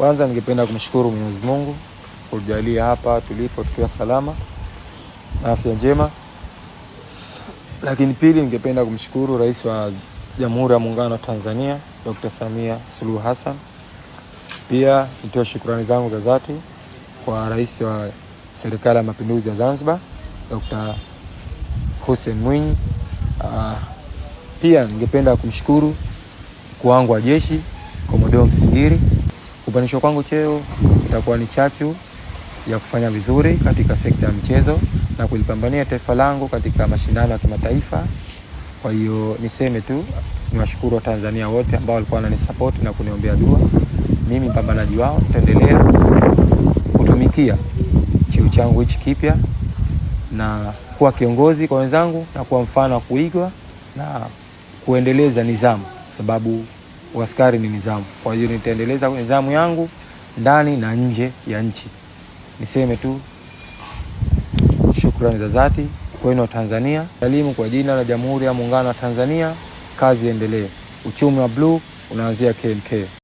Kwanza ningependa kumshukuru Mwenyezi Mungu kujalia hapa tulipo tukiwa salama na afya njema, lakini pili, ningependa kumshukuru Rais wa Jamhuri ya Muungano wa Tanzania Dr. Samia Suluhu Hassan. Pia nitoe shukrani zangu za dhati kwa Rais wa Serikali ya Mapinduzi ya Zanzibar Dr. Hussein Mwinyi. Ah, pia ningependa kumshukuru mkuu wangu wa jeshi komodo Msingiri Kupandishwa kwangu cheo itakuwa ni chachu ya kufanya vizuri katika sekta ya michezo na kulipambania taifa langu katika mashindano ya kimataifa. Kwa hiyo niseme tu niwashukuru Watanzania wote ambao walikuwa wananisapoti na kuniombea dua. Mimi mpambanaji wao, nitaendelea kutumikia cheo changu hichi kipya na kuwa kiongozi kwa wenzangu na kuwa mfano wa kuigwa na kuendeleza nidhamu sababu uaskari ni nizamu Kwa hiyo nitaendeleza nizamu yangu ndani na nje ya nchi. Niseme tu shukrani za dhati kwenu Tanzania. Salimu kwa jina la Jamhuri ya Muungano wa Tanzania. Kazi endelee. Uchumi wa bluu unaanzia KMK.